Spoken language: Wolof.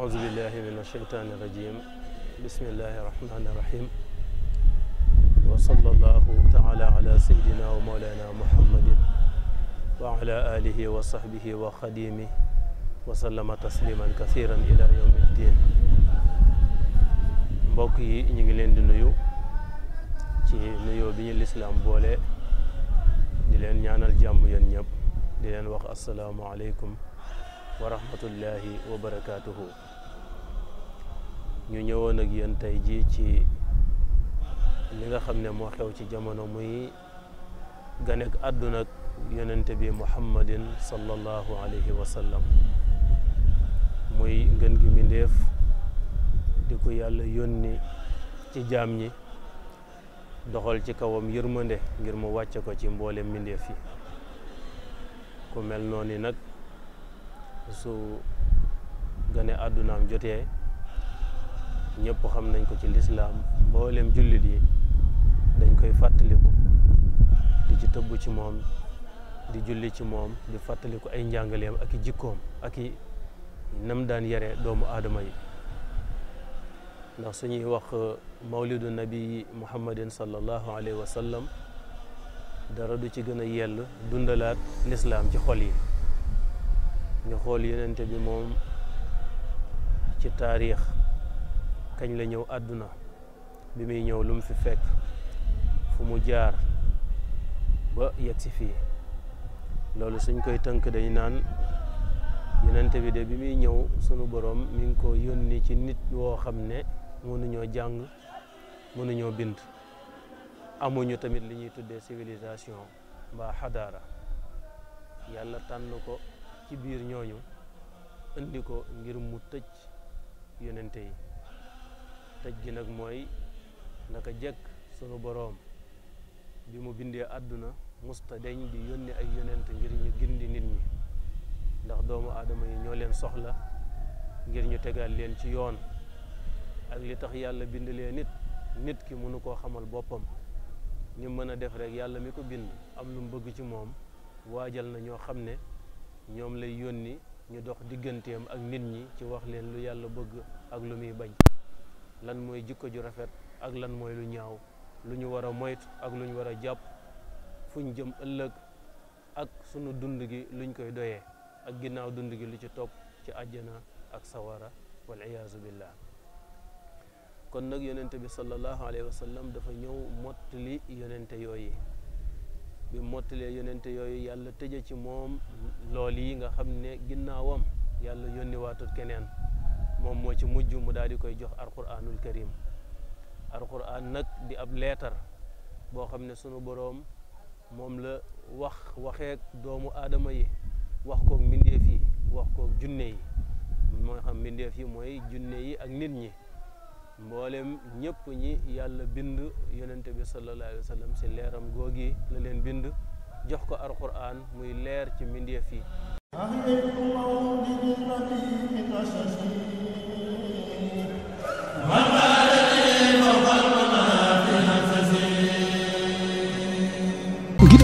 أعوذ بالله من الشيطان الرجيم بسم الله الرحمن الرحيم وصلى الله تعالى على سيدنا ومولانا محمد وعلى آله وصحبه وخديمه وسلم تسليما كثيرا إلى يوم الدين mbokk yi ñu ngi leen di nuyu ci nuyoo bi ñu lislaam boole di leen ñaanal jàmm yéen ñëpp di leen wax assalaamu aleykum wa rahmatullahi wa barakaatuhu ñu ñëwoon ak yéen tey jii ci li nga xam ne moo xew ci jamono muy ganek àdduna ak yonente bi muhammadin sallallahu alayhi wa sallam muy ngën gi mbindéef di ku yàlla yónni ci jaam ñi doxal ci kawam yërmande ngir mu wàcce ko ci mboole mbindéef yi ku mel noonu nag su gane àddunaam jotee ñépp xam nañ ko ci lislaam mboolem jullit yi dañ koy fàttaliku di ci tëbb ci moom di julli ci moom di fàttaliku ay njàngaleem ak i jikkoom ak i nam daan yare doomu aadama yi ndax suñuy wax mawlidu nabi muhammadin sallallahu alayhi wa sallam dara du ci gën a yell dundalaat lislaam ci xol yi ñu xool yenente bi moom ci taarix kañ la ñëw àdduna bi muy ñëw lu mu fi fekk fu mu jaar ba yegg si fii loolu suñ koy tënk dañu naan yonent bi de bi muy ñëw sunu boroom mi ngi ko yónni ci nit woo xam ne mënuñoo jàng mënuñoo bind amuñu tamit lu ñuy tuddee civilisation mbaa xadaara yàlla tànn ko ci biir ñooñu indi ko ngir mu tëj yonente yi tëj gi nag mooy naka jëkk sunu boroom bi mu bindee àdduna musta deñ di yónni ay yonent ngir ñu gindi nit ñi ndax doomu aadama yi ñoo leen soxla ngir ñu tegal leen ci yoon ak li tax yàlla bind leen nit nit ki mënu koo xamal boppam ni mën a def rek yàlla mi ko bind am lu mu bëgg ci moom waajal na ñoo xam ne ñoom lay yónni ñu dox digganteem ak nit ñi ci wax leen lu yàlla bëgg ak lu muy bañ lan mooy jikko ju rafet ak lan mooy lu ñaaw lu ñu war a moytu ak lu ñu war a jàpp fu ñu jëm ëllëg ak sunu dund gi luñ koy doyee ak ginnaaw dund gi lu ci topp ci àjjana ak sawara walla iyaazu billah kon nag yonente bi sallallahu alayhi wa dafa ñëw mottali yonente yooyu bi mottalee yooyu yàlla tëje ci moom lool yi nga xam ne ginnaawam yàlla yónni waatut keneen moom moo ci mujj mu daal di koy jox alquranul karim alquran nag di ab leetar boo xam ne sunu boroom moom la wax waxeek doomu aadama yi wax kook mbindeef yi wax kook junne yi mooy xam mbindeef yi mooy junne yi ak nit ñi mboolem ñépp ñi yàlla bind yonente bi sallallahu alayhi wa si leeram googi la leen bind jox ko alquran muy leer ci mbindeef yi